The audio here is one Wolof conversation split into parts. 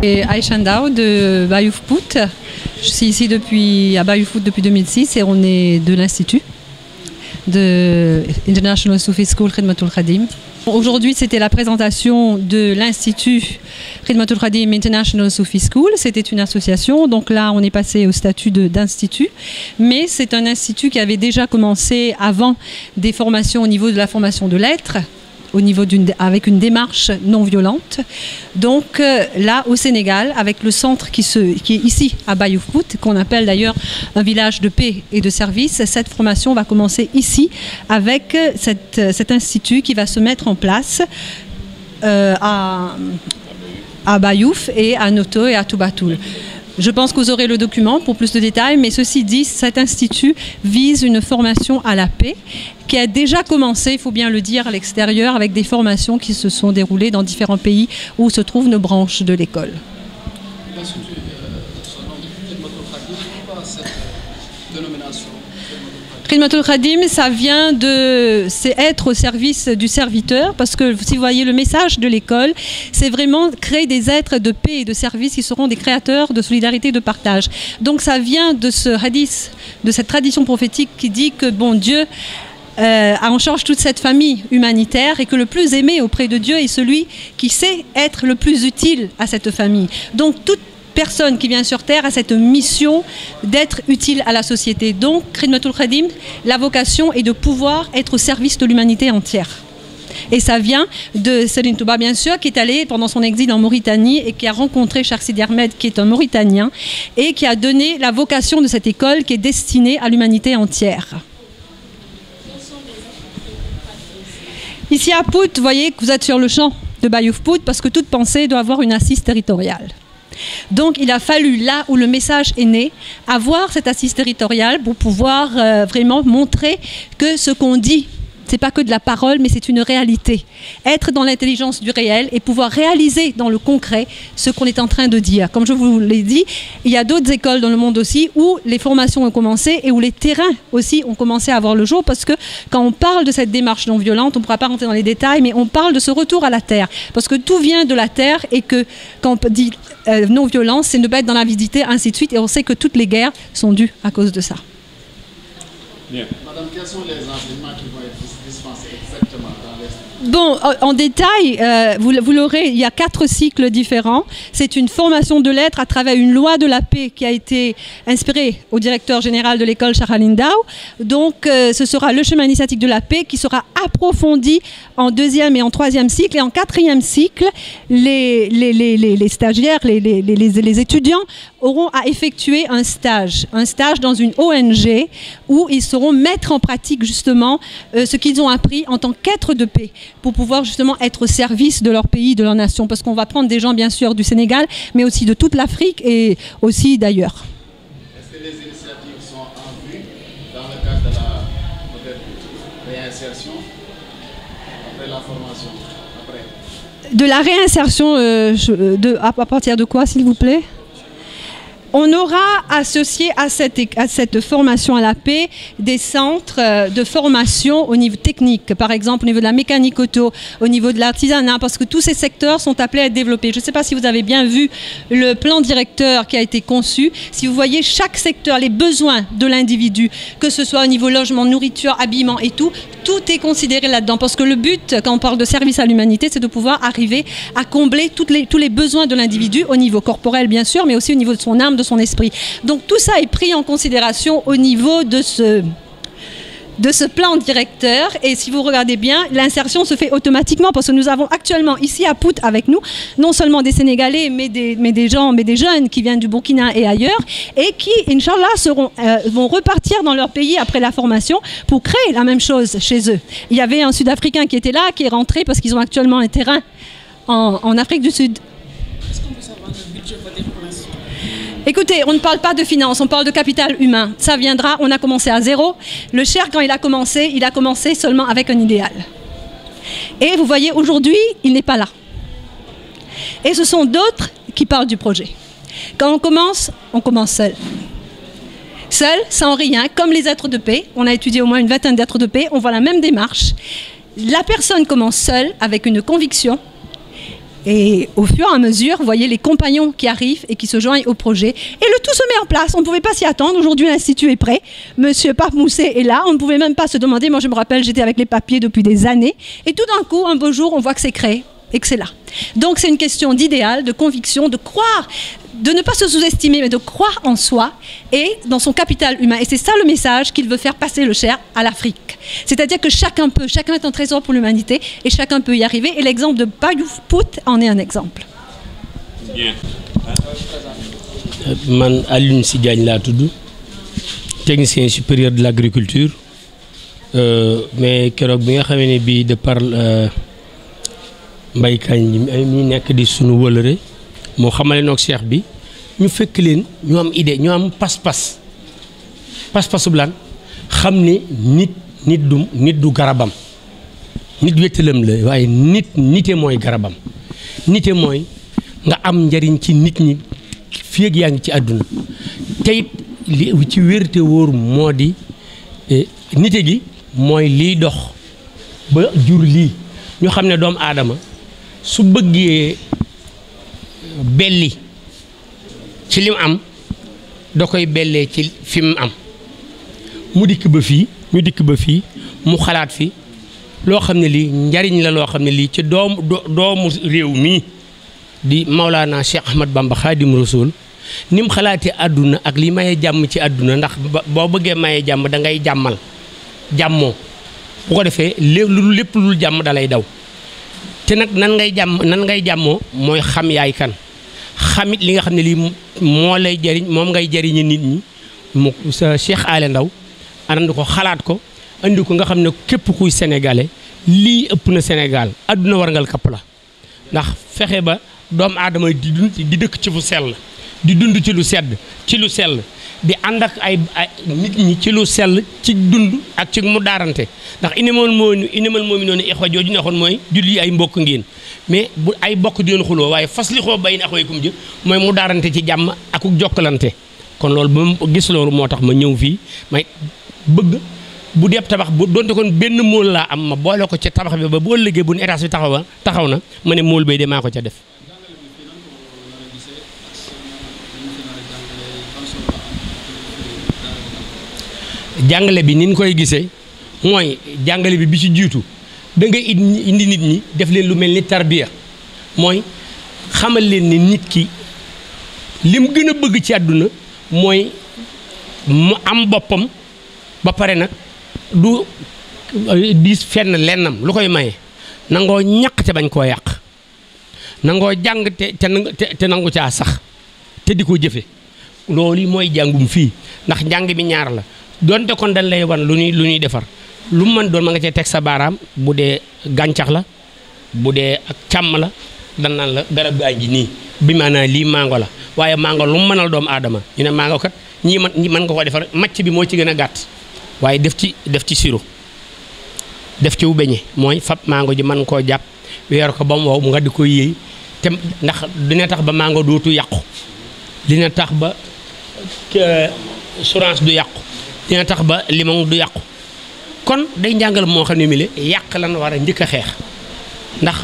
Et Aïcha Ndao de Bayoufpout. Je suis ici depuis, à Bayoufpout depuis et on est de l'Institut de International Sufi School Khidmatul Khadim. Aujourd'hui, c'était la présentation de l'Institut Khidmatul Khadim International Sufi School. C'était une association, donc là, on est passé au statut d'institut. Mais c'est un institut qui avait déjà commencé avant des formations au niveau de la formation de lettres, au niveau d'une, avec une démarche non violente. Donc euh, là, au Sénégal, avec le centre qui, se, qui est ici à Bayoukmout, qu'on appelle d'ailleurs un village de paix et de service, cette formation va commencer ici avec euh, cette, euh, cet institut qui va se mettre en place euh, à, à Bayouf et à Noto et à Toubatoul. Je pense que vous aurez le document pour plus de détails, mais ceci dit, cet institut vise une formation à la paix qui a déjà commencé, il faut bien le dire, à l'extérieur, avec des formations qui se sont déroulées dans différents pays où se trouvent nos branches de l'école. Khidmatul Khadim, ça vient de c'est être au service du serviteur, parce que si vous voyez le message de l'école, c'est vraiment créer des êtres de paix et de service qui seront des créateurs de solidarité et de partage. Donc ça vient de ce hadith, de cette tradition prophétique qui dit que bon Dieu euh, a en charge toute cette famille humanitaire et que le plus aimé auprès de Dieu est celui qui sait être le plus utile à cette famille. Donc toute personne qui vient sur Terre a cette mission d'être utile à la société. Donc, Khidmatul Khadim, la vocation est de pouvoir être au service de l'humanité entière. Et ça vient de Céline Touba, bien sûr, qui est allée pendant son exil en Mauritanie et qui a rencontré Cheikh Sidi Ahmed, qui est un Mauritanien, et qui a donné la vocation de cette école qui est destinée à l'humanité entière. Ici à Pout, vous voyez que vous êtes sur le champ de Bayouf Pout parce Donc il a fallu, là où le message est né, avoir cette assise territoriale pour pouvoir euh, vraiment montrer que ce qu'on dit C'est pas que de la parole, mais c'est une réalité. Être dans l'intelligence du réel et pouvoir réaliser dans le concret ce qu'on est en train de dire. Comme je vous l'ai dit, il y a d'autres écoles dans le monde aussi où les formations ont commencé et où les terrains aussi ont commencé à avoir le jour parce que quand on parle de cette démarche non violente, on pourra pas rentrer dans les détails, mais on parle de ce retour à la terre parce que tout vient Bien. Madame, quels sont les enseignements qui vont être dispensés exactement dans en détail, euh, vous, l'aurez, il y a quatre cycles différents. C'est une formation de lettres à travers une loi de la paix qui a été inspirée au directeur général de l'école Charalindao. Donc, euh, ce sera le chemin initiatique de la paix qui sera approfondi en deuxième et en troisième cycle. Et en quatrième cycle, les, les, les, les stagiaires, les étudiants auront à effectuer un stage. dans une ONG où ils seront sauront mettre en pratique justement euh, ce qu'ils ont appris en tant qu'êtres de paix pour pouvoir justement être au service de leur pays, de leur nation. Parce qu'on va prendre des gens bien sûr du Sénégal, mais aussi de toute l'Afrique et aussi d'ailleurs. de la réinsertion euh, euh, à, à partir de quoi s'il vous plaît On aura associé à cette, à formation à la paix des centres euh, de formation au niveau technique, par exemple au niveau de la mécanique auto, au niveau de l'artisanat, parce que tous ces secteurs sont appelés à être Je ne sais pas si vous avez bien vu le plan directeur qui a été conçu. Si vous voyez chaque secteur, les besoins de l'individu, que ce soit au niveau logement, nourriture, habillement et tout, tout est considéré là-dedans. Parce que le but, de son esprit. Donc tout ça est pris en considération au niveau de ce de ce plan directeur. Et si vous regardez bien, l'insertion se fait automatiquement parce que nous avons actuellement ici à Pout avec nous non seulement des Sénégalais, mais des, mais des gens, mais des jeunes qui viennent du Burkina et ailleurs et qui, Inch'Allah, euh, vont repartir dans leur pays après la formation pour créer la même chose chez eux. Il y avait un Sud-Africain qui était là, qui est rentré parce qu'ils Écoutez, on ne parle pas de finance, on parle de capital humain. Ça viendra, on a commencé à zéro. Le Cher, quand il a commencé, il a commencé seulement avec un idéal. Et vous voyez, aujourd'hui, il n'est pas là. Et ce sont d'autres qui parlent du projet. Quand on commence, on commence seul. sans rien, comme les êtres de paix. On a étudié au moins une vingtaine d'êtres de paix, on voit la même démarche. La personne commence seule avec une conviction Et au fur et à mesure, vous voyez les compagnons qui arrivent et qui se joignent au projet. Et le tout se met en place. On ne pouvait pas s'y attendre. Aujourd'hui, l'Institut est prêt. Monsieur Papmousset est là. On ne pouvait même pas se demander. je me rappelle, j'étais avec les papiers depuis des années. Et tout d'un coup, un beau jour, on voit que c'est créé et que c'est là. Donc c'est une question d'idéal, de conviction, de croire. de ne pas se sous-estimer, mais de croire en soi et dans son capital humain. Et c'est ça le message qu'il veut faire passer le Cher à l'Afrique. C'est-à-dire que chacun peut, chacun est un trésor pour l'humanité et chacun peut y arriver. Et l'exemple de Bayouf Pout en est un exemple. Bien. man laa tudd technicien supérieur de l'agriculture euh, mais keroog bi nga xamee ne bii de par euh, Mbaye Kagne mi nekk di sunu wëlëre moo xamale noog bi ñu fekk leen ñu am idée ñu am pas-pas pas-pasu lan xam ne nit nit du garabam nit wéttalam la waaye nit nite mooy garabam nite mooy nga am njariñ ci nit ñi fii ak yaa ngi ci àdduna te li ci wérte wóor moo di e, nite gi mooy liy dox ba jur lii ñu xam ne doomu aadama su bëggee belli ci lim am doo koy bellee ci fi mu am mu dikk ba fii ñu dikk ba fii mu xalaat fi loo xam ne lii njariñ la loo xam ne lii ci doom doomu réew mii di Maulana Cheikh Ahmad Bamba Xaadim Rasul ni mu xalaatee àdduna ak li mayee jàmm ci àdduna ndax boo bëggee mayee jàmm dangay jàmmal jàmmoo bu ko defee lépp lu lépp lu jàmm dalay daw te nag nan ngay jàmm nan ngay jàmmoo mooy xam yaay kan xamit li nga xam ne lii moo lay jariñ moom ngay jëriñi nit ñi mu sa Cheikh Alé Ndao ànd ko xalaat ko andi ko nga xam ne képp kuy sénégalais lii ëpp na Sénégal àdduna warngal kapp la ndax fexe ba doomu aadama di dund di dëkk ci fu sell di dund ci lu sedd ci lu sell di ànd ak ay nit ñi ci lu sell ci dund ak ci mu daarante ndax inimal moo inimal moom noonu ixwa jooju ne xoon mooy julli ay mbokk ngeen mais bu ay bokk di leen waaye fas xoo bay na axwaykum jë mooy mu daarante ci jàmm ak jokkalante kon loolu ba gis loolu moo tax ma ñëw fii may bëgg bu dee tabax bu doonte kon benn mool laa am ma boole ko ca tabax bi ba boo ëllëgee bu nu étage bi taxaw ba taxaw na ma ne mool bay de maa ko ca def jàngale bi ni koy gisee mooy jàngale bi bi ci jiitu da nga indi nit ñi def leen lu mel ni tarbiya mooy xamal leen ni nit ki lim gën a bëgg ci àdduna mooy mu am boppam ba pare nag du euh, diis fenn lennam lu koy maye nangoo ñàq te bañ koo yàq nangoo jàng te te nangu caa sax te di ko jëfe loolu mooy jàngum fii ndax njàng bi ñaar la donte kon dañ lay wan lu ñuy lu ñuy defar lu mu mën doon ma nga cee teg sa baaraam bu dee gàncax la bu dee ak càmm la dan naan la garab gaa ngi nii bi ma maanaa lii mango la waaye mango lu mu mënal doom aadama ñu ne mango kat ñii man ñi ko defar màcc bi moo ci gën a gàtt waaye def ci def ci siro def ci wu beñe mooy fab mango ji mën koo jàpp weer ko ba mu wow mu nga di koy yéey te ndax dina tax ba mango dootu yàqu dina tax ba assurance du yàqu dina tax ba limon du yàqu kon day njàngal moo xam ne mi le yàq lan war a njëkk a xeex ndax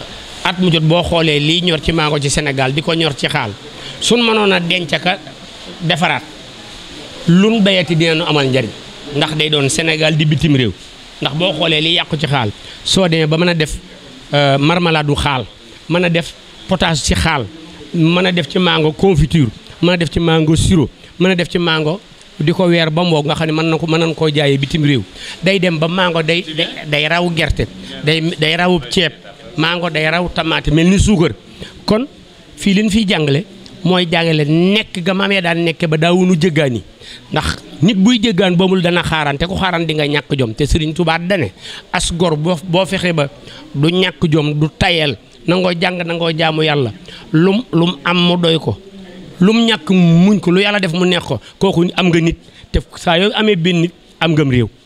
at mu boo xoolee lii ñor ci mango ci Sénégal di ko ñor ci xaal suñ mënoon a dencaka defaraat lun bayati dina nu amal njariñ ndax day doon Sénégal di bitim réew ndax boo xoolee liy yàqu ci xaal soo demee ba mën a def euh, marmalade du xaal mën a def potage ci xaal mën a def ci mango confiture mën a def ci mango sirop mën a def ci mango di ko weer ba moog nga xam ne mën na ko mën nañ koo jaayee bitim réew day dem ba mango day day raw gerte day day rawu ceeb maango day raw tamaate mel ni suukar kon fii leen fiy jàngale mooy jàngale nekk ga maamee daan nekke ba daawunu jëggaani ndax nit buy jëggaan ba mul dana xaaraan te ku xaaraan di nga ñàkk jom te Sëriñ Tuubaa dane as gor boo boo fexe ba du ñàkk jom du tayel nangoo jàng nangoo jaamu yàlla lum lum am mu doy ko lu mu ñàkk muñ ko lu yàlla def mu neex ko kooku am nga nit te saa yoo amee benn nit am ngam réew